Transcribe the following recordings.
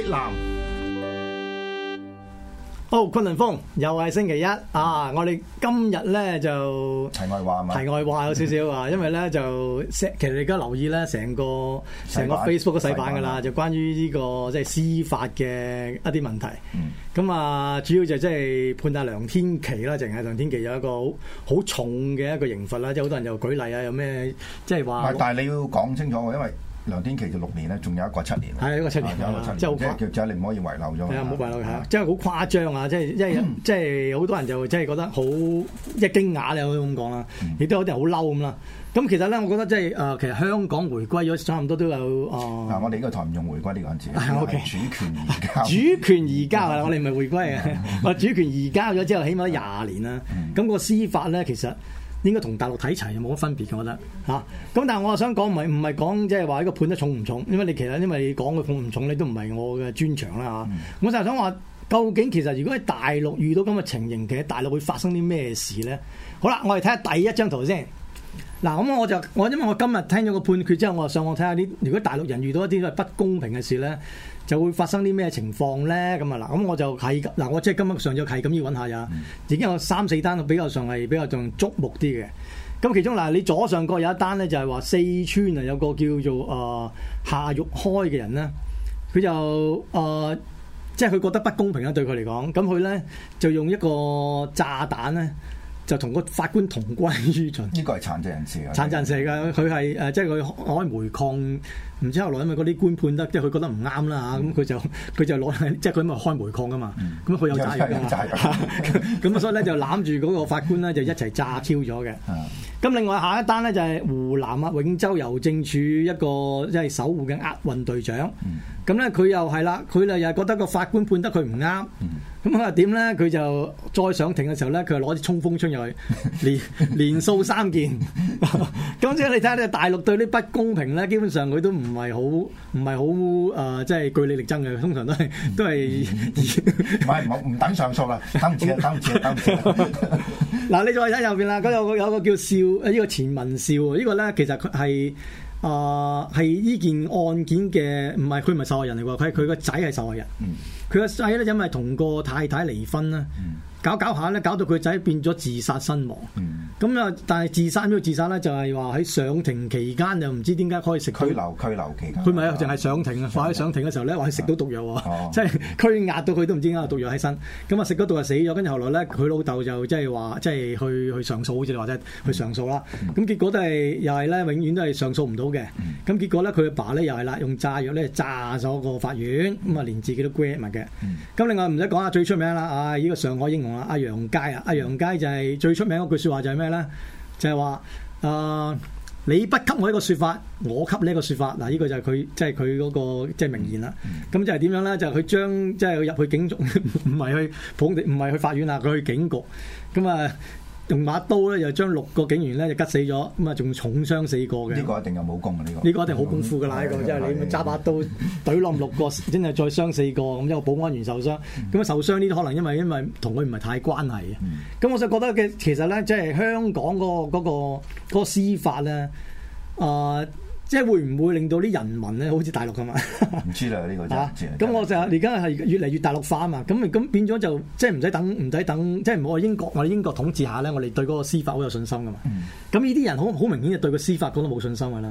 激藍，好，崑崙風，又係星期一啊！我哋今日咧，就題外話係嘛？題外話有少少啊，因為咧就，其實你而家留意咧，成個成個 Facebook 都洗版噶啦，就關於呢個即係司法嘅一啲問題。咁啊，主要就即係判阿梁天琦啦，淨係梁天琦有一個好好重嘅一個刑罰啦，即係好多人又舉例啊，有咩即係話？但係你要講清楚，因為。梁天琦就六年咧，仲有一個七年，係一個七年，七真係好，即係即係你唔可以遺漏咗。係啊，唔好遺漏，真係好誇張啊！即係即係、啊啊、即係好、嗯、多人就即係覺得好即一驚訝你可以咁講啦。亦都有啲人好嬲咁啦。咁其實咧，我覺得即係誒，其實香港回歸咗差唔多都有啊。嗱、啊，我哋呢個台唔用回歸呢個字，主權移交，主權移交啊，我哋唔係回歸啊！主權移交咗之後，起碼廿年啦。咁個司法咧，其實。應該同大陸睇齊，有冇乜分別嘅，我覺得嚇。咁、啊、但係我又想講，唔係唔係講即係話呢個判得重唔重？因為你其實因為你講佢重唔重，你都唔係我嘅專長啦嚇。啊嗯、我就係想話，究竟其實如果喺大陸遇到咁嘅情形，其實大陸會發生啲咩事咧？好啦，我哋睇下第一張圖先。嗱、啊，咁我就我因為我今日聽咗個判決之後，我就上網睇下啲，如果大陸人遇到一啲係不公平嘅事咧。就會發生啲咩情況咧？咁啊嗱，咁我就係嗱，我即係今日上咗係咁要揾下呀，已經有三四單比較上係比較仲觸目啲嘅。咁其中嗱，你左上角有一單咧，就係話四川啊有個叫做啊、呃、夏玉開嘅人咧，佢就啊即係佢覺得不公平啊，對佢嚟講，咁佢咧就用一個炸彈咧。就同個法官同歸於盡。呢個係殘疾人士啊！殘疾人士㗎，佢係誒，即係佢開煤礦，唔知後來因為嗰啲官判得，即係佢覺得唔啱啦嚇，咁佢就佢就攞，即係佢因為開煤礦㗎嘛，咁佢有炸藥啊嘛，咁啊所以咧就攬住嗰個法官咧就一齊炸超咗嘅。咁另外下一單咧就係湖南啊永州郵政處一個即係守護嘅押運隊長，咁咧佢又係啦，佢又又覺得個法官判得佢唔啱。咁啊點咧？佢就再上庭嘅時候咧，佢就攞啲衝鋒槍入去，連連數三件。咁即係你睇下咧，大陸對啲不公平咧，基本上佢都唔係好，唔係好誒，即係據理力爭嘅，通常都係都係，唔係唔唔等上訴啦，等唔住啊，等唔住啊，等唔住啊！嗱，你再睇右邊啦，嗰度個有個叫笑，依個錢文笑，依個咧其實佢係。啊，係呢、uh, 件案件嘅，唔係佢唔係受害人嚟喎，佢係佢個仔係受害人，佢個仔咧因為同個太太離婚啦。嗯搞搞下咧，搞到佢仔變咗自殺身亡。咁啊、嗯，但係自殺都要自殺咧，就係話喺上庭期間又唔知點解可以食拘留，拘留期間，佢咪仲係上庭啊？話喺上庭嘅時候咧，話佢食到毒藥喎，即係、啊、拘壓到佢都唔知點解有毒藥喺身。咁啊食咗毒藥死咗，跟住後，後來咧佢老豆就即係話即係去去上訴，好似你話齋去上訴啦。咁、嗯、結果都係又係咧，永遠都係上訴唔到嘅。咁、嗯、結果咧，佢阿爸咧又係啦，用炸藥咧炸咗個法院，咁啊連自己都 grab 埋嘅。咁、嗯、另外唔使講啊，最出名啦，啊、哎、呢、這個上海英雄。阿楊佳啊，阿楊佳就係最出名嗰句說話就係咩咧？就係話，呃，你不給我一個說法，我給你一個說法。嗱，呢個就係佢即係佢嗰個即係名言啦。咁就係點樣咧？就係佢將即係入去警局，唔係去唔係去法院啊，佢去警局咁啊。用把刀咧，又將六個警員咧就吉死咗，咁啊仲重傷四個嘅。呢個一定有武功嘅呢、這個。呢個一定好功夫嘅啦，呢個真係你揸把刀，懟冧 六個，真係再傷四個，咁因為保安員受傷，咁啊、嗯、受傷呢啲可能因為因為同佢唔係太關係嘅。咁、嗯、我就覺得嘅其實咧，即、就、係、是、香港的、那個嗰、那個司法咧，啊、呃。即係會唔會令到啲人民咧，好似大陸咁、呢個、啊？唔知啦，呢個真。咁我就而家係越嚟越大陸化啊嘛！咁咁變咗就即係唔使等，唔使等，即係唔好話英國我英國統治下咧，我哋對嗰個司法好有信心噶嘛。咁呢啲人好好明顯係對個司法講得冇信心㗎啦。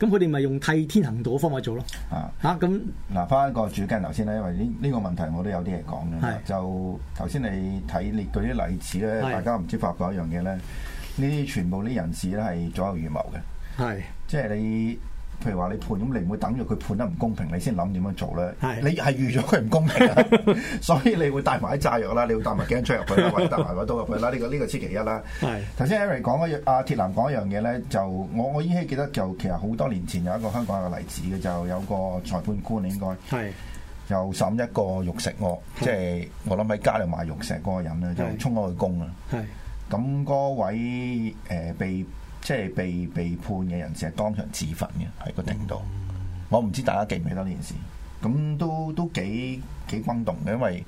咁佢哋咪用替天行道嘅方法做咯。啊。咁嗱、啊，翻、啊、個主鏡頭先啦，因為呢呢個問題我都有啲嘢講嘅。是就頭先你睇列舉啲例子咧，是大家唔知發覺一樣嘢咧，呢啲全部啲人士咧係早有預謀嘅。即係你，譬如話你判咁，你唔會等住佢判得唔公平，你先諗點樣做咧？是你係預咗佢唔公平， 所以你會帶埋炸藥啦，你會帶埋鏡出入去啦，或者帶埋把刀入去啦。呢、 這個呢、這個千奇一啦。係頭先 Eric 講一樣，阿鐵男講一樣嘢咧，就我我依稀記得就，就其實好多年前有一個香港嘅例子嘅，就有個裁判官應該，是就審一個玉是石案，即係我諗喺家度賣玉石嗰個人咧，是就衝咗去攻啊。係咁嗰位誒、呃、被。即係被被判嘅人士係當場自焚嘅，係個程度。嗯、我唔知大家記唔記得呢件事，咁都都幾幾轟動嘅，因為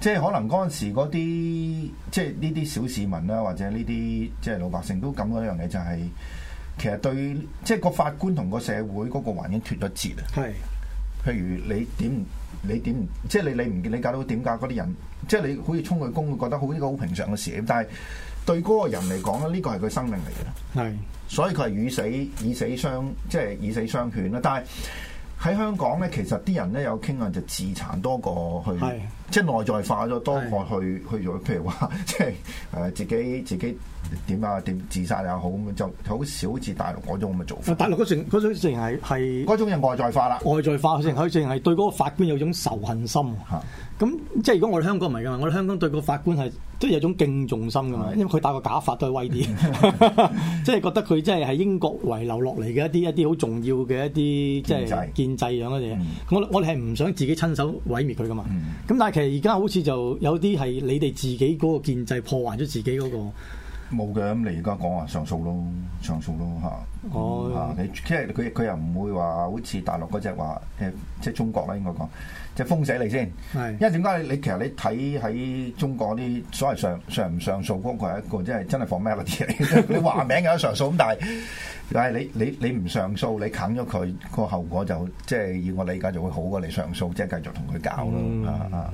即係可能嗰陣時嗰啲即係呢啲小市民啦，或者呢啲即係老百姓都感覺一樣嘢就係、是，其實對即係個法官同個社會嗰個環境脫咗節啊。係的，譬如你點你點，即係你你唔你搞到點解嗰啲人，即係你可以充佢公，覺得好呢、呢個好平常嘅事，但係。對嗰個人嚟講咧，呢個係佢生命嚟嘅，係，所以佢係以死以死相即係以死相勸啦。但係喺香港咧，其實啲人咧有傾向，就自殘多過去。即係內在化咗多過去去咗，譬是如話即係誒、呃、自己自己點啊點自殺又好咁，就好少好似大陸嗰種咁嘅做法。大陸嗰種嗰種成係係嗰種人外在化啦，外在化佢成係對嗰個法官有種仇恨心。咁是即係如果我哋香港唔係噶嘛，我哋香港對個法官係都有種敬重心噶嘛，是因為佢戴個假髮都係威啲， 即係覺得佢真係喺英國遺留落嚟嘅一啲一啲好重要嘅一啲即係建制，建制樣嘅嘢。嗯、我我哋係唔想自己親手毀滅佢噶嘛。咁、嗯、但係。其實而家好似就有啲係你哋自己嗰個建制破壞咗自己嗰、那個。冇嘅，咁你而家講話上訴咯，上訴咯嚇。我你即係佢佢又唔會話好似大陸嗰隻話、呃、即中國啦應該講，即封死你先。是因為點解你你其實你睇喺中國啲所謂上上唔上，上、就是、 上訴，光佢係一個即係真係 formality 嘅嘢嚟？你話名有上訴，咁但係但係你你你唔上訴，你啃咗佢、那個後果就即係、就是、以我理解就會好過你上訴，即、就、係、是、繼續同佢搞咯、嗯嗯、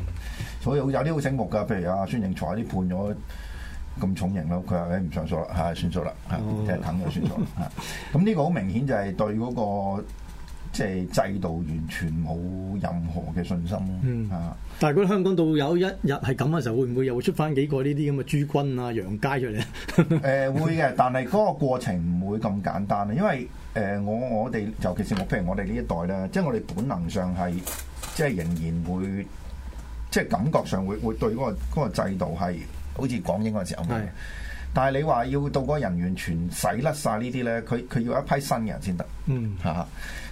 所以有啲好醒目㗎，譬如阿孫政才啲判咗。咁重刑咯，佢話：誒唔上訴啦，算數啦，嚇，即係等嘅算數啦。咁呢 個好明顯就係對嗰、那個即、就是、制度完全冇任何嘅信心咯。嗯，啊、但係如果香港到有一日係咁嘅時候，會唔會又會出翻幾個呢啲咁嘅諸君啊、楊佳出嚟？誒、 呃、會嘅，但係嗰個過程唔會咁簡單啊，因為、呃、我我哋尤其是我譬如我哋呢一代咧，即、就、係、是、我哋本能上係即係仍然會即係、就是、感覺上會,會對嗰、那個嗰、那個制度係。好似港英嗰陣時咁嘅，但係你話要到嗰人完全洗甩曬呢啲咧，佢佢要一批新嘅人先得，咁、嗯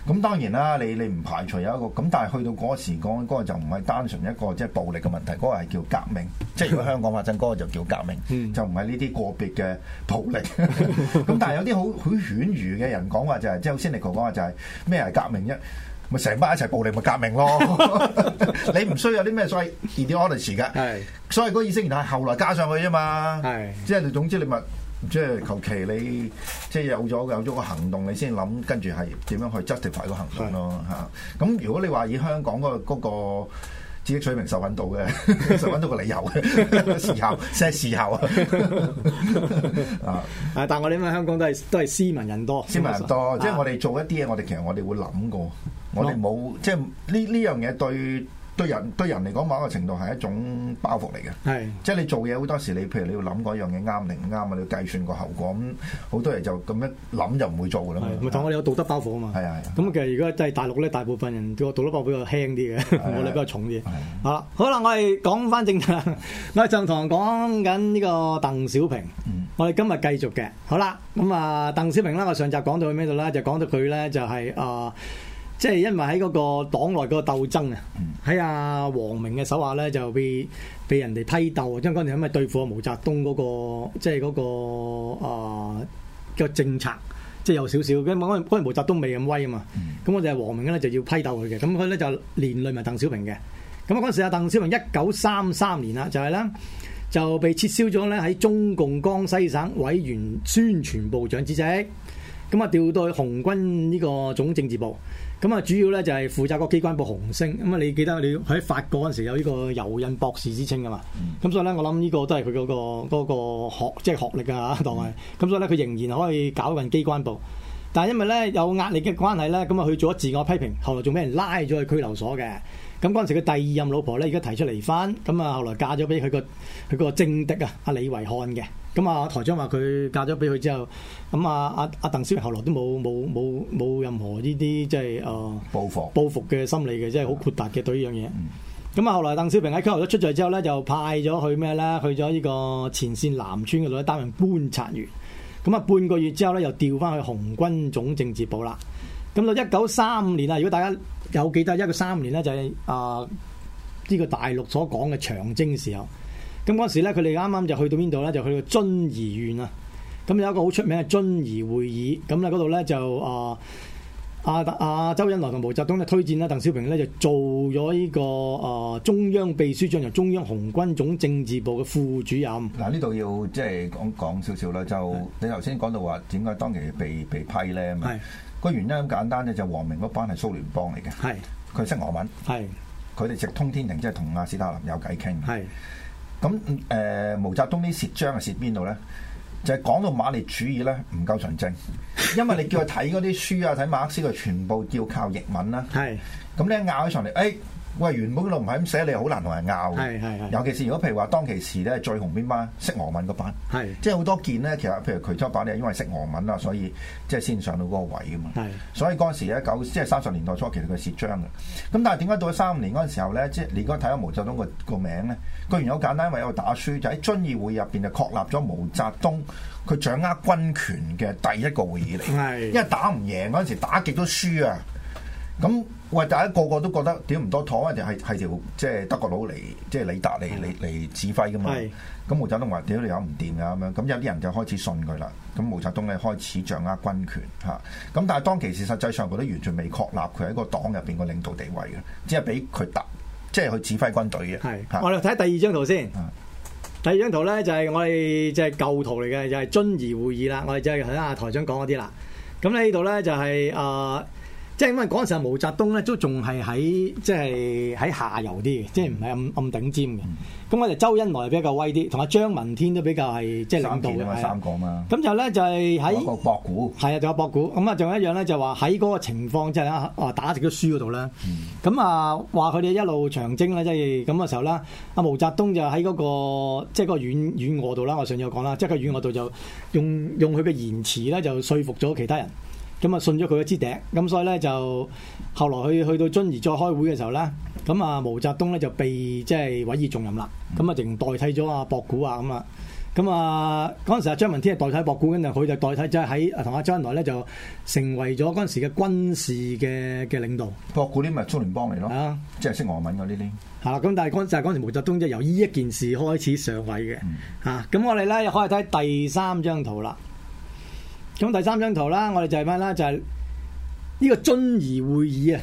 嗯、當然啦，你你唔排除有一個，咁但係去到嗰時嗰、嗰個就唔係單純一個即係、就是、暴力嘅問題，嗰、嗰個係叫革命， 即係如果香港發生嗰、嗰個就叫革命，嗯、就唔係呢啲個別嘅暴力。咁 但係有啲好好犬儒嘅人講話就係、是，即係好 cynical 講話就係咩係革命啫？咪成班一齊暴力咪革命咯！你唔需要有啲咩所謂 ideology 嘅，所以嗰意思原來係後來加上去啫嘛。即係總之你咪即係求其你即係有咗有咗個行動，你先諗跟住係點樣去 justify 嗰個行動咯嚇。咁如果你話以香港嗰嗰個自己取名受揾到嘅，受揾到個理由嘅時候，即係時候啊！啊，但係我哋因為香港都係都係斯文人多，斯文人多，即係我哋做一啲嘢，我哋其實我哋會諗過。我哋冇即係呢呢樣嘢，對對人對人嚟講某一個程度係一種包袱嚟嘅。係即係你做嘢好多時，你譬如你要諗嗰樣嘢啱定唔啱啊，你要計算個後果咁，好多人就咁樣諗就唔會做噶啦嘛。係，同我哋有道德包袱啊嘛。係啊。係啊。咁其實如果真係大陸咧，大部分人我道德包袱比較輕啲嘅，我哋比較重啲。係。好啦，好啦，我哋講翻政治我哋上堂講緊呢個鄧小平，我哋今日繼續嘅好啦。咁啊，鄧小平啦，我上集講到去咩度咧？就講到佢咧就係啊。即係因為喺嗰個黨內個鬥爭啊，喺阿王明嘅手下咧就被被人哋批鬥，因為嗰陣時係咪對付阿毛澤東嗰、嗰個即係嗰啊個、呃、政策，即係有少少因嗰陣毛澤東未咁威啊嘛，咁我哋王明咧就要批鬥佢嘅，咁佢咧就連累埋鄧小平嘅。咁啊嗰陣時阿鄧小平一九三三年啦，就係啦，就被撤銷咗咧喺中共江西省委員宣傳部長之職，咁啊調到去紅軍呢個總政治部。咁啊，主要咧就係負責個機關部紅星咁啊。你記得你喺法國嗰陣時有呢個油印博士之稱㗎嘛。咁、嗯、所以咧，我諗呢個都係佢嗰個嗰個學即係學歷啊。當係咁，所以咧佢仍然可以搞運機關部，但係因為咧有壓力嘅關係咧，咁啊佢做咗自我批評，後來仲俾人拉咗去拘留所嘅。咁嗰陣時佢第二任老婆咧，而家提出嚟翻咁啊，後來嫁咗俾佢個佢政敵啊，阿李維漢嘅。咁啊，台長話佢嫁咗俾佢之後，咁啊，阿阿鄧小平後來都冇冇冇冇任何呢啲即係誒報復報復嘅心理嘅，即係好豁達嘅對呢樣嘢。咁啊、嗯，後來鄧小平喺溝流咗出嚟之後咧，就派咗去咩啦？去咗呢個前線南村嘅嗰啲擔任觀察員。咁啊，半個月之後咧，又調翻去紅軍總政治部啦。咁到一九三五年啊，如果大家有記得一九三五年咧、就係，就係啊呢個大陸所講嘅長征嘅時候，咁嗰陣時咧，佢哋啱啱就去到邊度咧？就去到遵義縣啊！咁有一個好出名嘅遵義會議，咁咧嗰度咧就啊，阿、啊、阿、啊、周恩來同毛澤東嘅推薦啦。鄧小平咧就做咗呢、這個啊中央秘書長同中央紅軍總政治部嘅副主任。嗱呢度要即係、就是、講講少少啦，就是你頭先講到話點解當其時被被批咧？個是原因咁簡單咧，就王、是、明嗰班係蘇聯幫嚟嘅，佢識是俄文，佢哋直通天庭，即係同阿斯大林有偈傾。咁誒、呃，毛澤東呢蝕章係蝕邊度咧？就係、是、講到馬列主義咧唔夠純正，因為你叫佢睇嗰啲書啊，睇 馬克思佢全部要靠譯文啦，係是，咁你一咬起上嚟，哎。喂，原本嗰度唔係咁寫，你好難同人拗嘅。係尤其是如果譬如話當其時咧最紅邊班，識俄文嗰班。是即係好多件呢。其實譬如渠州版係因為識俄文啦，所以即係先上到嗰個位㗎嘛。是所以嗰時呢，九即係三十年代初期佢係蝕章嘅。咁但係點解到咗三五年嗰時候咧，即係你如果睇下毛澤東個個名咧，居然好簡單，因為有打輸就喺遵義會議入面就確立咗毛澤東佢掌握軍權嘅第一個會議嚟。是因為打唔贏嗰時打極都輸啊！咁喂，大家個個都覺得屌唔、mm hmm. 多妥啊！就係係條即係德國佬嚟，即係李達嚟嚟嚟指揮噶嘛？咁、mm hmm. 毛澤東話：屌你有唔掂啊？咁樣咁有啲人就開始信佢啦。咁毛澤東咧開始掌握軍權嚇。咁但係當其時實際上佢都完全未確立佢喺個黨入邊個領導地位嘅，只係俾佢達，即係佢指揮軍隊嘅。係、mm hmm.，我哋睇第二張圖先。Mm hmm. 第二張圖咧就係、是、我哋即係舊圖嚟嘅，就係遵義會議啦。Mm hmm. 我哋就響阿台長講嗰啲啦。咁咧呢度咧就係、是、啊。呃即係因為嗰陣時啊，毛澤東咧都仲係喺即係喺下游啲嘅，即係唔係咁咁頂尖嘅。咁我哋周恩來比較威啲，同阿張聞天都比較係即係領導啊。的三件啊嘛，三個嘛。咁就咧就係喺一個博古，係啊，仲有博古。咁啊，仲有一樣咧，就話喺嗰個情況即係啊，啊、就是、打直咗輸嗰度咧。咁啊、嗯，話佢哋一路長征咧，即係咁嘅時候啦。阿毛澤東就喺嗰、那個即係嗰個遵遵義度啦。我上日有講啦，即係遵義度就用用佢嘅言辭咧，就說服咗其他人。咁啊信咗佢一支笛，咁所以咧就後來去去到遵義再開會嘅時候咧，咁啊毛澤東咧就被即係委以重任啦，咁啊仲代替咗阿博古啊咁啊，咁啊嗰陣時啊張聞天代替博古，跟住佢就代替即係喺同阿周恩來咧就成為咗嗰陣時嘅軍事嘅嘅領導。博古呢咪蘇聯幫嚟咯？啊，即係識俄文嗰啲咧。啦、啊，咁但係嗰陣時毛澤東就由呢一件事開始上位嘅。咁、嗯啊、我哋咧又可以睇第三張圖啦。咁第三張圖啦，我哋就係咩啦？就係、是、呢個遵義會議啊。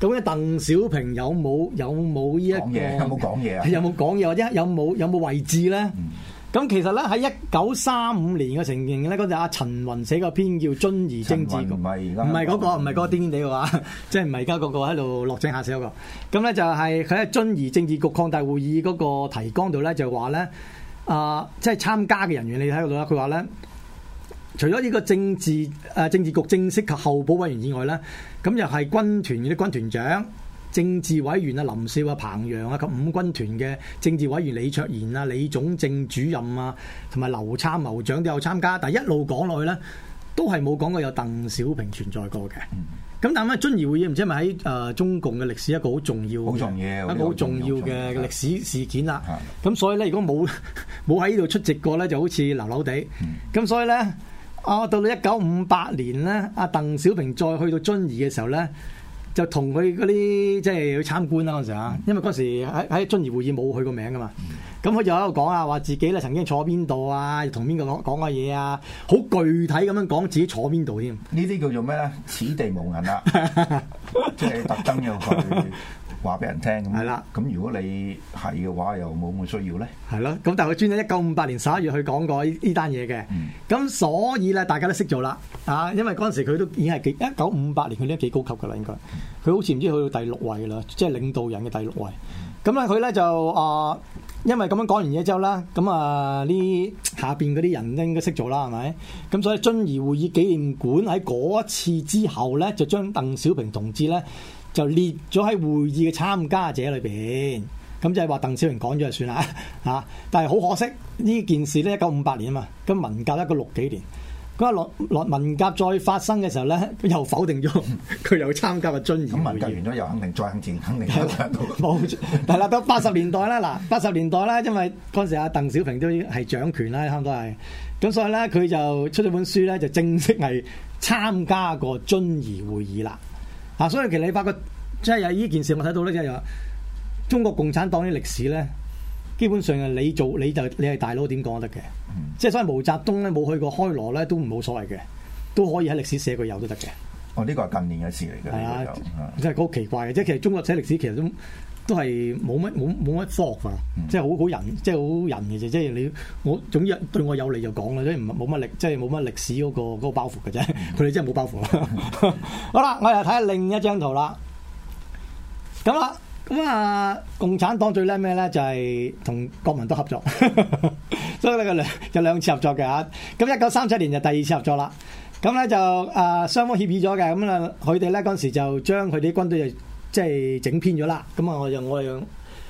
咁咧，鄧小平有冇有冇呢一個嘢？有冇講嘢啊？有冇講嘢或者有冇有冇位置咧？咁、嗯、其實咧喺一九三五年嘅成形咧，嗰陣阿陳雲寫個篇叫《遵義政治局》，唔係嗰個，唔係嗰個癲癲地嘅話，即係唔係而家個個喺度落正下寫嗰、那個。咁咧就係佢喺遵義政治局擴大會議嗰個提綱度咧，就話咧啊，即、呃、係、就是、參加嘅人員，你睇到啦，佢話咧。除咗呢個政治誒政治局正式及候補委員以外咧，咁又係軍團嘅啲軍團長、政治委員啊、林少啊、彭陽啊，及五軍團嘅政治委員李卓然啊、李總政主任啊，同埋劉參謀長都有參加。但係一路講落去咧，都係冇講過有鄧小平存在過嘅。咁、嗯、但係咧，遵義會議唔知係咪喺誒中共嘅歷史一個好重要、好重要、好重要嘅歷史事件啦。咁、嗯嗯、所以咧，如果冇冇喺呢度出席過咧，就好似流流地。咁所以咧。哦，到咗一九五八年咧，阿鄧小平再去到遵義嘅時候咧，就同佢嗰啲即係去參觀啦嗰陣啊，因為嗰時喺喺遵義會議冇佢個名噶嘛，咁佢、嗯、就喺度講啊，話自己咧曾經坐邊度啊，又同邊個講講嘅嘢啊，好具體咁樣講自己坐邊度添，呢啲叫做咩咧？此地無銀啦、啊，即係特登要去。話俾人聽咁，係啦。咁如果你係嘅話，又冇乜需要咧。係咯，咁但係佢專一九五八年十一月去講過呢單嘢嘅。咁，嗯，所以咧，大家都識做啦。因為嗰陣時佢都已經係幾一九五八年，佢啲幾高級㗎啦，應該。佢好似唔知去到第六位啦，即係領導人嘅第六位。咁咧，佢咧就啊，因為咁樣講完嘢之後啦，咁啊，呢下邊嗰啲人都應該識做啦，係咪？咁所以遵義會議紀念館喺嗰一次之後咧，就將鄧小平同志咧。就列咗喺會議嘅參加者裏面，咁就係、是、話鄧小平講咗就算啦。但係好可惜呢件事咧，一九五八年啊嘛，咁文革一個六幾年，嗰個落落文革再發生嘅時候咧，又否定咗佢又參加個遵義咁會議，文革完咗，又肯定再肯定肯定冇。係啦吧， 到八十年代啦，嗱八十年代啦，因為嗰陣時阿鄧小平都係掌權啦，差唔多係。咁所以咧，佢就出咗本書咧，就正式係參加個遵義會議啦。嗱、啊，所以其實你發覺，即係呢件事我睇到咧，即係話中國共產黨啲歷史咧，基本上係你做你就你係大佬，點講都得嘅。即係所以毛澤東咧冇去過開羅咧都唔冇所謂嘅，都可以喺歷史寫句有都得嘅。哦，呢、呢個係近年嘅事嚟嘅。係啊，真係好奇怪嘅，即係其實中國寫歷史其實都。都係冇乜冇冇乜包袱啊！嗯、即係好好人，即係好人嘅啫。即係你我，總之對我有利就講啦。即係唔冇乜歷，即係冇乜歷史嗰、嗰個、嗰個包袱嘅啫。佢哋真係冇包袱啦。嗯、 好啦，我又睇下另一張圖啦。咁啊，咁啊，共產黨最叻咩咧？就係同國民都合作。 所以咧，有兩次合作嘅吓。咁一九三七年就第二次合作啦。咁咧就啊，雙方協議咗嘅。咁啊，佢哋咧嗰陣時候就將佢哋啲軍隊就。即係整編咗啦，咁啊，我就我又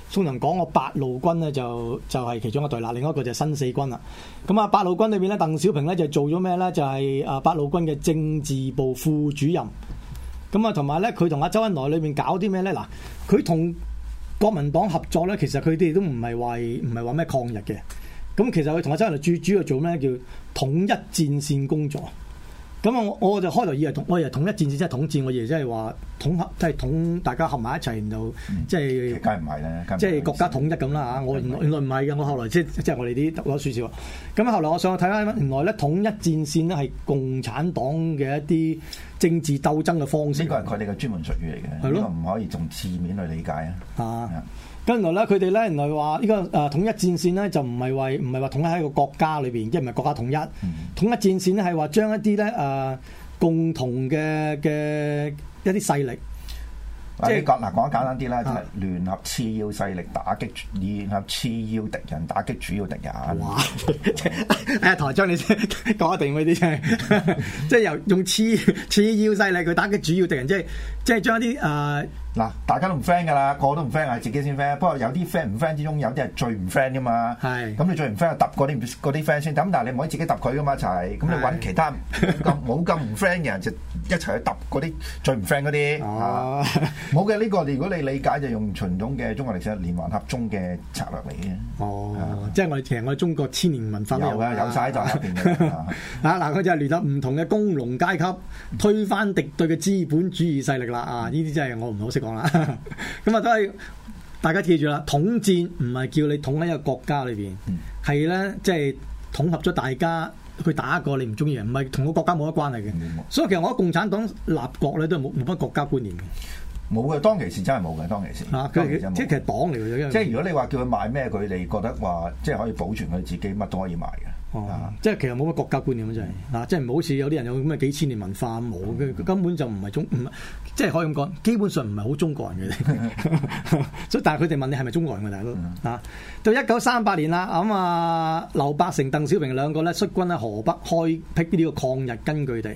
宋人講我八路軍咧就就是、係其中一隊啦，另外一個就係新四軍啦。咁啊，八路軍裏面咧，鄧小平咧就做咗咩咧？就係啊，八路軍嘅政治部副主任。咁啊，同埋咧，佢同阿周恩來裏面搞啲咩咧？嗱，佢同國民黨合作咧，其實佢哋都唔係話唔係話咩抗日嘅。咁其實佢同阿周恩來最主，主要做咩？叫統一戰線工作。咁啊！我就開頭以為同我以為統一戰線即係統治，我以為即係話統合，即係統大家合埋一齊，然後即係、就是，梗唔係啦，即係國家統一咁啦嚇！我原來唔係嘅，我後來即即係我哋啲讀咗書少。咁後來我上去睇翻，原來咧統一戰線咧係共產黨嘅一啲政治鬥爭嘅方式。呢個係佢哋嘅專門術語嚟嘅，唔可以從字面去理解啊！跟住咧，佢哋咧原來話呢個統一戰線咧就唔係話唔係話統一喺個國家裏邊，即係唔係國家統一。統一戰線咧係話將一啲咧共同嘅嘅、啊、一啲勢力，即係講嗱講簡單啲咧，就係聯合次要勢力打擊聯合次要敵人，打擊主要敵人。哇！阿台張，哎、你講一定嗰啲先，即係由用次次要勢力去打擊主要敵人，即係即係將一啲嗱，大家都唔 friend 噶啦，個都唔 friend，係自己先 friend。不過有啲 friend 唔 friend 之中，有啲係最唔 friend 噶嘛。係是。咁你最唔 friend，揼嗰啲啲 friend 先。咁但係你唔可以自己揼佢噶嘛一齊。咁你揾其他咁冇咁唔 friend 嘅人， 就一齊去揼嗰啲最唔 friend 嗰啲。冇嘅呢個，如果你理解就用秦總嘅中國歷史連環合中嘅策略嚟嘅。哦。是的即係我哋成個中國千年文化有有。有嘅，有曬喺度嗱，佢、啊啊啊、就聯合唔同嘅工農階級，推翻敵對嘅資本主義勢力啦！啊，呢啲真係我唔好識。講啦，咁啊都係大家記住啦，統戰唔係叫你統喺一個國家裏邊，係咧即係統合咗大家去打一個你唔中意人，唔係同個國家冇乜關係嘅。嗯、所以其實我諗共產黨立國咧都係冇冇乜國家觀念嘅，冇嘅。當其時真係冇嘅，當其時、啊、當時即係其實黨嚟嘅。即係是這樣 如果你話叫佢賣咩，佢你覺得話即係可以保存佢自己，乜都可以賣嘅。哦嗯、即係其實冇乜國家觀念咁啫，嗱、嗯，即係唔好似有啲人有咁嘅幾千年文化冇，嘅、嗯，根本就唔係中，唔、嗯、即係可以咁講，基本上唔係好中國人嘅，所以、嗯、 但係佢哋問你係咪中國人嘅大佬？啊、嗯，嗯、到一九三八年啦，咁啊，劉伯承、鄧小平兩個咧率軍喺河北開闢呢個抗日根據地，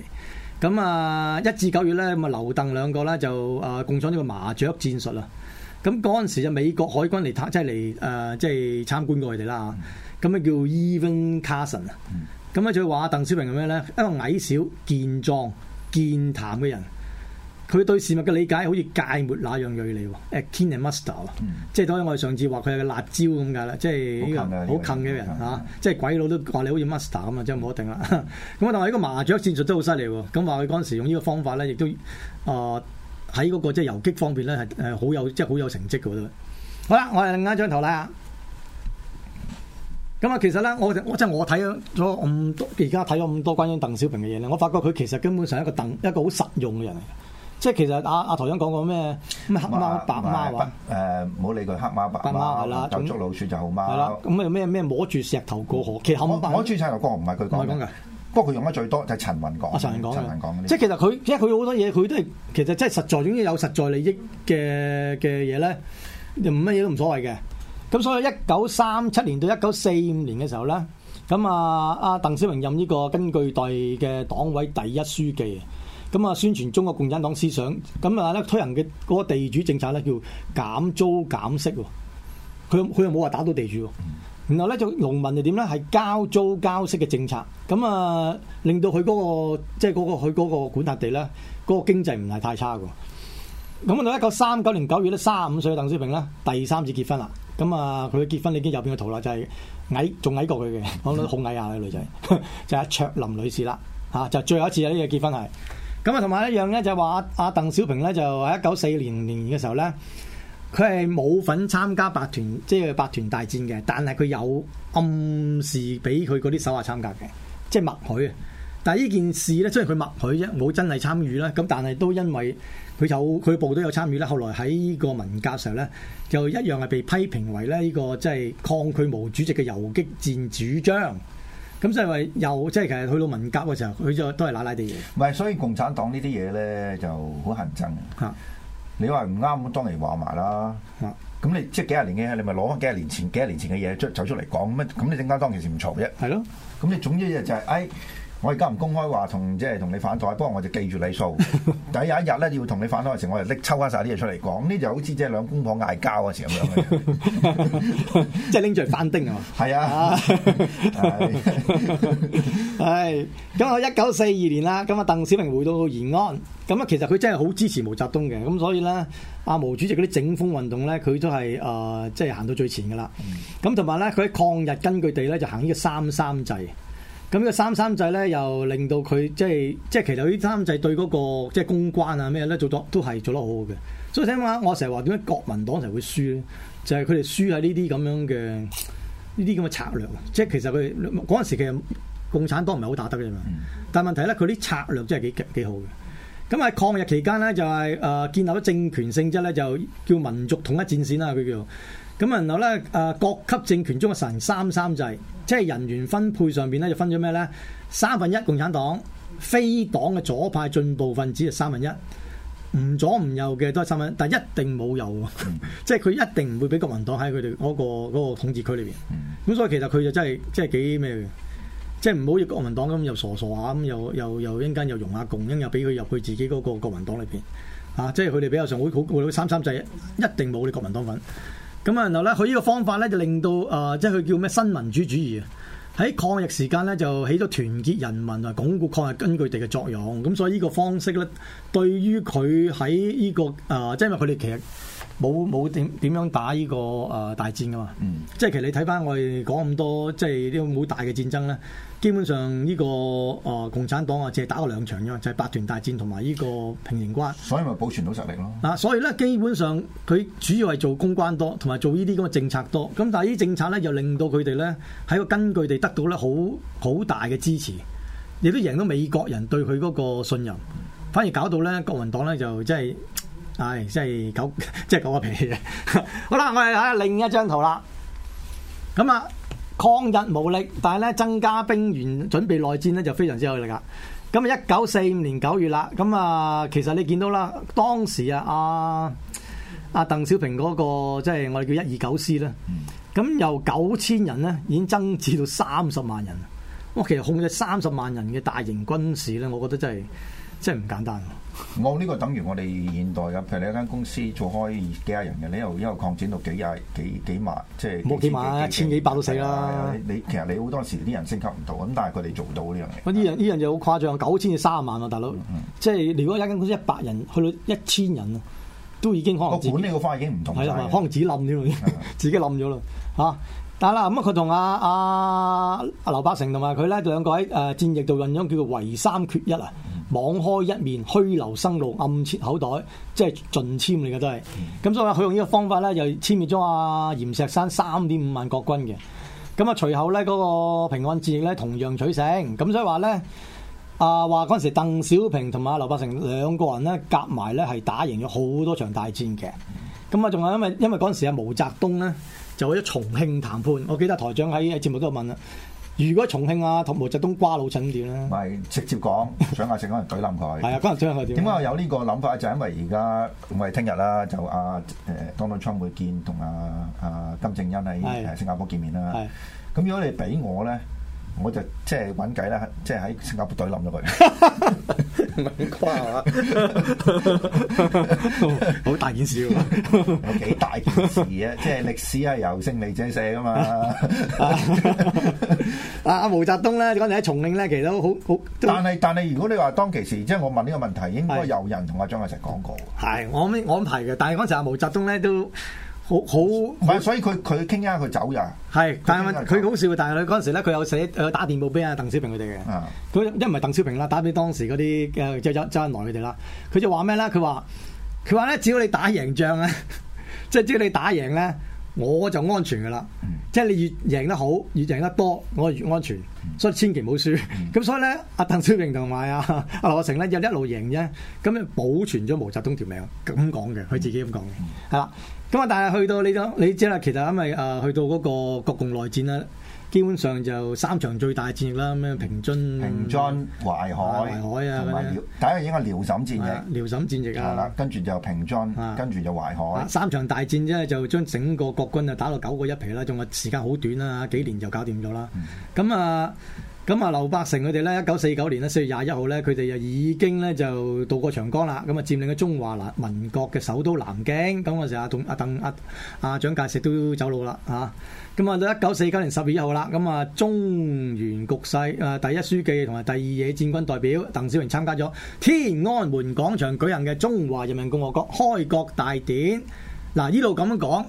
咁啊一至九月咧，咁啊劉鄧兩個咧就啊共闖呢個麻雀戰術啦，咁嗰陣時就美國海軍嚟即係嚟誒即係參觀過佢哋啦。嗯咁咪叫 Even Carson 啊、嗯！咁咧就話鄧小平係咩咧？一個矮小健壯健談嘅人，佢對事物嘅理解好似芥末那樣鋭利喎。Keen and Mustard 即係當我哋上次話佢係個辣椒咁㗎啦，嗯、即係呢、呢個好近嘅人、啊啊、即係鬼佬都話你好似 Mustard 咁啊，即係冇得頂啦。咁啊， 但係呢個麻雀戰術都好犀利喎。咁話佢嗰陣時用呢個方法咧，亦都喺嗰個即係遊擊方面咧係好有即係好有成績喎。好啦，我哋另一張圖啦。咁啊，其實咧，我我即係我睇咗咁多，而家睇咗咁多關於鄧小平嘅嘢咧，我發覺佢其實根本上係一個鄧一個好實用嘅人嚟嘅，即係其實阿阿頭先講過咩？咁黑貓白貓話誒，唔好理佢黑貓白貓啦，捉老鼠就好貓。係啦，咁咩咩摸住石頭過河，其實我摸住石頭過河唔係佢講嘅，不過佢用得最多就係陳雲講。陳雲講，講即係其實佢即佢好多嘢，佢都係其實即係實在，已經有實在利益嘅嘅嘢咧，就唔乜嘢都唔所謂嘅。咁所以一九三七年到一九四五年嘅時候咧，咁啊，阿鄧小平任呢個根據地嘅黨委第一書記啊。咁啊，宣傳中國共產黨思想，咁啊咧，推行嘅嗰個地主政策咧叫減租減息。佢佢又冇話打到地主，然後咧就農民係點咧係交租交息嘅政策，咁啊令到佢嗰個即係嗰個佢嗰個管轄地咧個經濟唔係太差嘅。咁到一九三九年九月咧，三十五歲嘅鄧小平咧第三次結婚啦。咁啊，佢結婚你已經有邊個圖啦，就係、是、矮仲矮過佢嘅，好到恐矮啊嘅女仔，就係、是、卓琳女士啦，嚇就最後一次啊呢個結婚係。咁啊，同埋一樣咧，就係話阿阿鄧小平咧，就喺一九四零年嘅時候咧，佢係冇份參加百團，即係百團大戰嘅，但係佢有暗示俾佢嗰啲手下參加嘅，即、就、係、是、默許啊。但係呢件事咧，雖然佢默許啫，冇真係參與啦，咁但係都因為。佢有佢部都有參與啦，後來喺呢個文革時候咧，就一樣係被批評為咧、這、呢個即係、就是、抗拒毛主席嘅游擊戰主張。咁即係話又即係、就是、其實去到文革嘅時候，佢就都係拉拉啲嘢。唔係，所以共產黨這些東西呢啲嘢咧就好痕爭。嚇！你話唔啱，當你、就是、年話埋啦。咁你即係幾廿年嘅，你咪攞幾十年前幾十年前嘅嘢出走出嚟講咩？咁你點解當其時唔嘈啫？係咯。咁你總之就係、是、哎。我而家唔公開話，同即係同你反台，不過我就記住你數。第有一日咧，要同你反台嘅時候，我就拎抽翻晒啲嘢出嚟講。呢就好似即係兩公婆嗌交嗰時咁樣，即係拎住翻丁啊嘛。係啊，係。 咁 啊，一九四二年啦，咁啊，鄧小平回到，到延安，咁啊，其實佢真係好支持毛澤東嘅。咁所以咧，阿毛主席嗰啲整風運動咧，佢都係啊，即係行到最前噶啦。咁同埋咧，佢喺抗日根據地咧，就行呢個三三制。咁呢個三三制咧，又令到佢即係即係其實呢三制對嗰、那個即係、就是、公關啊咩咧，做得都係做得好好嘅。所以點解我成日話點解國民黨成日會輸咧？就係佢哋輸喺呢啲咁樣嘅呢啲咁嘅策略。即、就、係、是、其實佢嗰陣時其實共產黨唔係好打得嘅嘛。但問問題咧，佢啲策略真係幾幾好嘅。咁喺抗日期間咧，就係、是、建立咗政權性質咧，就叫民族統一戰線啦，叫咁然後咧，誒各級政權中嘅神三三制，即係人員分配上面咧，就分咗咩咧？三分一共產黨，非黨嘅左派進步分子係，三分一唔左唔右嘅都係三分一，但一定冇右喎，嗯、 即係佢一定唔會俾國民黨喺佢哋嗰個嗰、嗰個、統治區裏面。咁、嗯、所以其實佢就真係即係幾咩嘅，即係唔好似國民黨咁又傻傻啊，咁又又又一間又容下共英，一間又俾佢入去自己嗰個國民黨裏面。啊！即係佢哋比較上會好會三三制，一定冇你國民黨份。咁啊，然後咧，佢呢個方法咧，就令到、呃、即係佢叫咩新民主主義啊，喺抗日時間咧，就起咗團結人民啊，鞏固抗日根據地嘅作用。咁、嗯、所以呢個方式咧，對於佢喺呢個、呃、即係因為佢哋其實冇冇點點樣打呢、呢個啊、呃、大戰噶嘛。嗯，即係其實你睇翻我哋講咁多，即係個好大嘅戰爭咧。基本上呢個誒共產黨啊，只係打過兩場啫，就係百團大戰同埋呢個平型關，所以咪保存到實力咯。嗱、啊，所以咧，基本上佢主要係做公關多，同埋做呢啲咁嘅政策多。咁但係呢啲政策咧，又令到佢哋咧喺個根據地得到咧好好大嘅支持，亦都贏到美國人對佢嗰個信任。反而搞到咧國民黨咧就真係唉，真係狗真係狗啊屁嘅。 好啦，我哋睇下另一張圖啦。咁啊。抗日無力，但係咧增加兵員準備內戰咧就非常之有力噶。咁啊，一九四五年九月啦，咁啊，其實你見到啦，當時啊，阿、啊、阿鄧小平嗰、那個即係、就是、我哋叫一二九師啦，咁由九千人咧已經增至到三十萬人。哇，其實控制三十萬人嘅大型軍事咧，我覺得真係真係唔簡單。我呢個等於我哋現代嘅，譬如你有間公司做開幾廿人嘅，你又一路擴展到幾廿幾幾,幾,幾,幾,幾幾萬，即係冇幾萬馬，一千幾百都死啦！你其實你好多時啲人升級唔到，咁、嗯、但係佢哋做到呢樣嘢。我呢樣呢樣就好誇張，九千至三萬喎、啊，大佬，嗯嗯、即係如果一間公司一百人去到一千人啊，都已經可能。我管呢個花已經唔同曬，可能自己冧添，自己冧咗啦但得啦，咁啊，佢同阿阿阿劉伯承同埋佢咧兩個喺誒、呃、戰役度運用叫做圍三缺一啊。網開一面，虛留生路，暗切口袋，即係盡簽嚟嘅都係。咁、嗯、所以佢用呢個方法咧，又殲滅咗阿閻錫山三點五萬國軍嘅。咁啊，隨後咧嗰個平漢戰役咧同樣取勝。咁所以話咧，啊話嗰陣時鄧小平同埋劉伯承兩個人咧夾埋咧係打贏咗好多場大戰嘅。咁啊、嗯，仲係因為因為嗰陣時阿毛澤東咧就去咗重慶談判。我記得台長喺節目都有問啦。如果重慶啊，同毛澤東瓜老襯點咧？咪直接講，蔣介石可能懟冧佢。係 啊，嗰陣佢點？點解我有呢個諗法？就係因為而家唔係聽日啦，就阿 Donald Trump 會見同阿阿金正恩喺新加坡見面啦。咁的如果你俾我咧？我就即係搵計啦，即係喺新加坡隊冧咗佢。唔係啲誇啊，好大件事喎！有幾大件事啊？即係歷史係由勝利者寫噶嘛？啊，阿毛澤東咧，嗰陣喺重慶咧，其實都好好。但係但係，如果你話當其時，即係我問呢個問題，應該有人同阿張愛石講過。係我我安排嘅，但係嗰陣阿毛澤東咧都。好好，所以佢佢傾一佢走㗎，係，但係佢好笑，但係佢嗰陣時咧，佢有寫誒打電報俾阿鄧小平佢哋嘅，佢因為唔係鄧小平啦，打俾當時嗰啲誒周周恩來佢哋啦。佢就話咩咧？佢話佢話咧，只要你打贏仗咧， 即係只要你打贏咧，我就安全嘅啦。嗯、即係你越贏得好，越贏得多，我越安全。嗯、所以千祈唔好輸。咁、嗯、所以咧，阿鄧小平同埋阿阿羅成咧，就一路贏啫。咁就保存咗毛澤東條命。咁講嘅，佢自己咁講嘅，係啦、嗯。嗯是咁啊！但係去到你講，你知啦，其實因為啊，去到嗰個國共內戰啦，基本上就三場最大戰役啦，咩平津、平津麼淮海、啊、淮海啊，第一了，梗係遼瀋戰役、遼瀋戰役啊，係啦，跟住就平津，的跟住就淮海，三場大戰啫，就將整個國軍啊打到九個一皮啦，仲話時間好短啦，幾年就搞掂咗啦，咁、嗯、啊。咁啊，劉伯承佢哋咧，一九四九年咧，四月廿一號咧，佢哋就已經咧就渡過長江啦，咁啊，佔領咗中華民國嘅首都南京。咁嗰時阿鄧阿鄧阿阿蔣介石都走路啦嚇，咁啊到一九四九年十月一號啦，咁啊，中原局勢啊第一書記同埋第二野戰軍代表鄧小平參加咗天安門廣場舉行嘅中華人民共和國開國大典。嗱、啊，呢度咁樣講。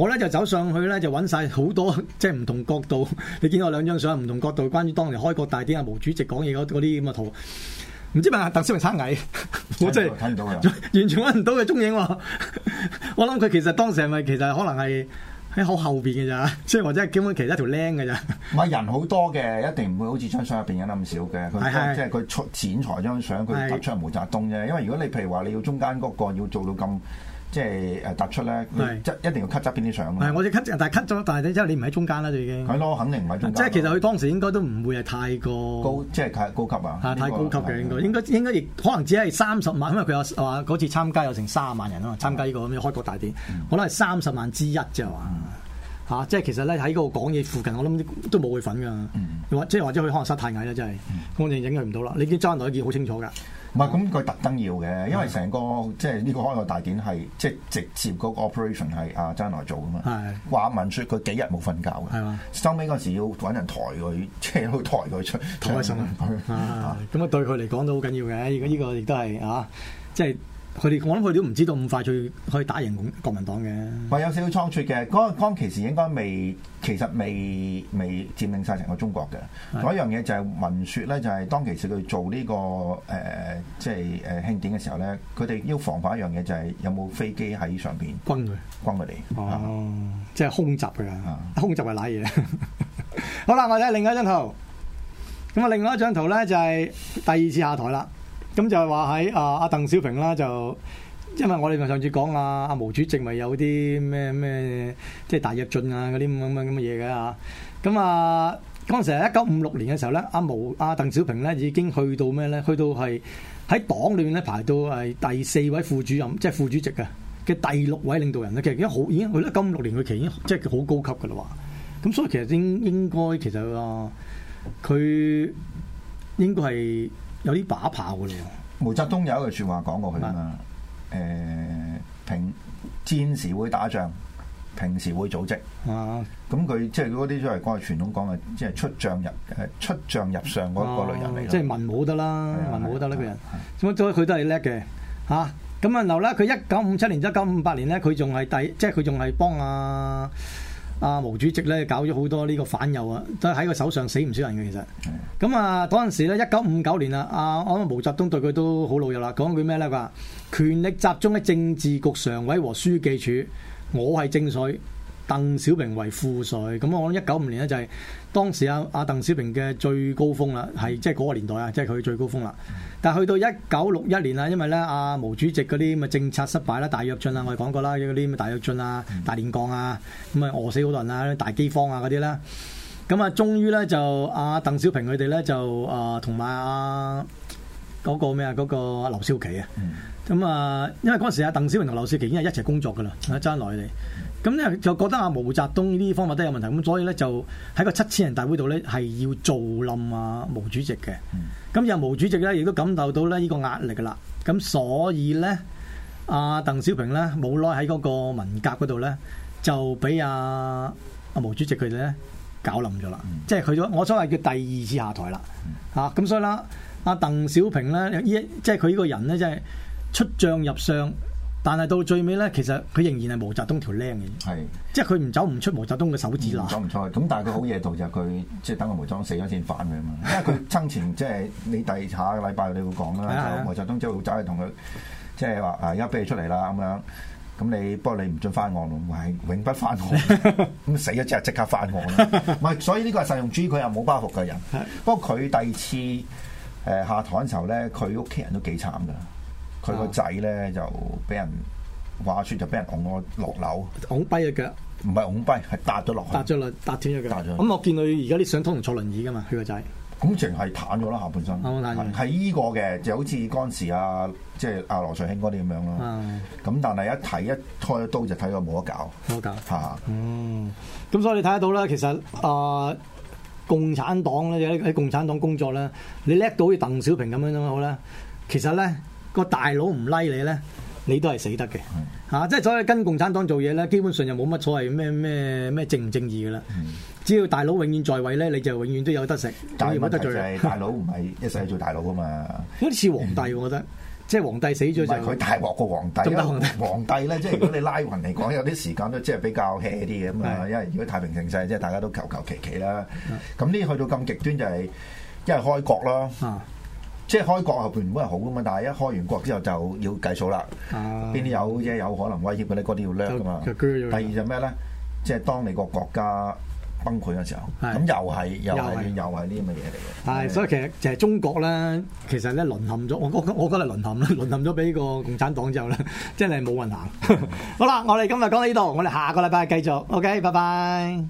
我咧就走上去咧，就揾晒好多，即係唔同角度。你見到兩張相，唔同角度，關於當年開國大典啊，毛主席講嘢嗰啲咁嘅圖。唔知問阿鄧小平差矮， 我真係睇唔到佢，完全揾唔到嘅蹤影。我諗佢其實當時係咪其實可能係喺好後邊嘅咋？即係或者係兼揾其他條僆嘅咋？唔係人好多嘅，一定唔會好似張相入邊影得咁少嘅。佢即係佢出剪裁張相，佢突出毛澤東啫。因為如果你譬如話你要中間嗰個要做到咁。即係誒，突出咧，即一定要 cut 側邊啲相，係，我哋 cut，但係 cut 咗，但係因為你唔喺中間啦，就已經。佢攞肯定唔係中間。即係其實佢當時應該都唔會係太過高，即係高級啊！太高級嘅應、應該，應該亦可能只係三十萬，因為佢有話嗰次參加有成三十萬人啊嘛，參加呢、呢個、嗯、開國大典，我諗係三十萬之一啫嘛。嗯、即係其實咧喺嗰度講嘢附近，我諗都冇佢份㗎。或、嗯、即係或者佢可能失太矮啦，真係，嗯、我哋影佢唔到啦。你啲周恩來都好清楚㗎。唔係，咁佢、嗯、特登要嘅，因為成個是的 即係呢個開個大典係即係直接嗰個 operation 係阿張來做㗎嘛。係話聞說佢幾日冇瞓覺嘅。係嘛，收尾嗰陣時要搵人抬佢，即係要抬佢出，抬起身佢。咁啊對佢嚟講都好緊要嘅。如果呢個亦都係啊，即係。佢哋，我諗佢哋都唔知道咁快去打贏國民黨嘅，啊，有少少倉促嘅。剛剛其時應該未，其實未未佔領晒成個中國嘅。嗰是 一樣嘢就係聞說咧，就係，是、當其時佢做呢、這個誒，即係誒慶典嘅時候咧，佢哋要防範一樣嘢，就係有冇飛機喺上邊，轟佢，轟佢哋，哦，即係空襲嘅，空襲係瀨嘢。 好啦，我睇另一張圖，咁啊，另外一張圖咧就係第二次下台啦。咁就係話喺啊啊鄧小平啦，就因為我哋上次講啊，阿毛主席咪有啲咩咩，即係大躍進啊嗰啲咁樣咁嘅嘢嘅嚇。咁啊，嗰陣時係一九五六年嘅時候咧，阿毛阿鄧小平咧已經去到咩咧？去到係喺黨裏面咧排到係第四位副主任，即係副主席啊嘅第六位領導人咧。其實已經好，已經去到五六年佢期，已經即係好高級㗎啦喎。咁所以其實應應該其實啊，佢應該係。有啲把炮嘅，毛澤東有一句說話講過佢啦。誒是的、呃，平戰時會打仗，平時會組織啊。咁佢即係嗰啲，即係講係傳統講嘅，即係出將入誒出將入相嗰個類人嚟。即係、就是、文武得啦，文武得呢個人。咁所以佢都係叻嘅吓。咁啊，留啦。佢一九五七年，一九五八年咧，佢仲係第即係佢仲係幫啊。阿毛主席咧搞咗好多呢個反右啊，都喺佢手上死唔少人嘅其實。咁啊嗰陣時咧，一九五九年啦，阿、啊、我覺得毛澤東對佢都好老友啦，講句咩咧佢話，權力集中喺政治局常委和書記處，我係正帥，鄧小平為副帥，咁啊，我諗一九五五年咧就係當時阿阿鄧小平嘅最高峰啦，係即係嗰個年代啊，即係佢最高峰啦。但係去到一九六一年啦，因為咧阿毛主席嗰啲咁嘅政策失敗啦，大躍進啦，我哋講過啦，嗰啲咁嘅大躍進啊、大連降啊，咁啊餓死好多人啦，大饑荒啊嗰啲啦。咁啊，終於咧就阿鄧小平佢哋咧就、呃、啊同埋阿嗰個咩啊嗰個劉少奇啊。咁啊，因為嗰陣時阿鄧小平同劉少奇已經係一齊工作㗎啦，爭耐佢哋。咁咧就覺得啊毛澤東呢啲方法都有問題，咁所以咧就喺個七千人大會度咧係要做冧啊毛主席嘅。咁又、嗯、毛主席咧亦都感受到咧呢個壓力㗎啦。咁所以咧阿、啊、鄧小平咧冇耐喺嗰個文革嗰度咧就俾阿阿毛主席佢哋咧搞冧咗啦。嗯、即係佢咗我所謂叫第二次下台啦。咁、嗯啊、所以啦阿、啊、鄧小平咧呢即係佢呢個人咧即係出將入相。但係到最尾咧，其實佢仍然係毛澤東條靚嘅。的即係佢唔走唔出毛澤東嘅手指啦。唔走唔出去。咁但係佢好嘢做就係佢， 即係等個毛澤東死咗先翻佢啊嘛。 因為佢生前即係、就是、你第二下個禮拜你會講啦，的之後毛澤東即係走仔同佢，即係話啊，而家俾你出嚟啦咁樣。咁你不過你唔准翻案咯，係永不翻案。咁 死咗之後即刻翻案啦。唔係，所以呢個係實用主義，佢又冇包袱嘅人。的不過佢第二次誒下台嘅時候咧，佢屋企人都幾慘噶啦。佢個仔咧就俾人話説，就俾人㧬我落樓，㧬跛隻腳，唔係㧬跛，係搭咗落去搭咗落搭斷咗腳。咁我見佢而家啲相，通常坐輪椅噶嘛，佢個仔咁，淨係攤咗啦下半身，係依個嘅，就好似嗰陣時阿即係阿羅瑞卿嗰啲咁樣咯。咁但係一睇一開刀就睇到冇得搞，冇搞嚇。嗯，咁所以你睇得到咧，其實啊，共產黨咧，喺喺共產黨工作咧，你叻到好似鄧小平咁樣都好啦。其實咧。個大佬唔拉你咧，你都係死得嘅。嚇！即係所以跟共產黨做嘢咧，基本上就冇乜所謂咩咩咩正唔正義嘅啦。只要大佬永遠在位咧，你就永遠都有得食，冇乜得罪。但係問題就係大佬唔係一世做大佬啊嘛。好似皇帝，我覺得即係皇帝死咗就唔係佢大鑊過皇帝皇帝咧，即係如果你拉匀嚟講，有啲時間都即係比較 hea 啲嘅嘛。因為如果太平盛世，即係大家都求求其其啦。咁呢去到咁極端就係因為開國咯。即係開國後原本係好噶嘛，但係一開完國之後就要計數啦。邊啲有啫？有可能威脅嘅咧，嗰啲要叻噶嘛。第二就咩咧？即係當你個國家崩潰嘅時候，咁是又係又係又係呢啲咁嘅嘢嚟嘅。係，所以其實就係中國咧，其實咧淪陷咗，我我我覺得淪陷啦，淪陷咗俾個共產黨之後咧，真係冇運行。的 好啦，我哋今日講到呢度，我哋下個禮拜繼續。OK，拜拜。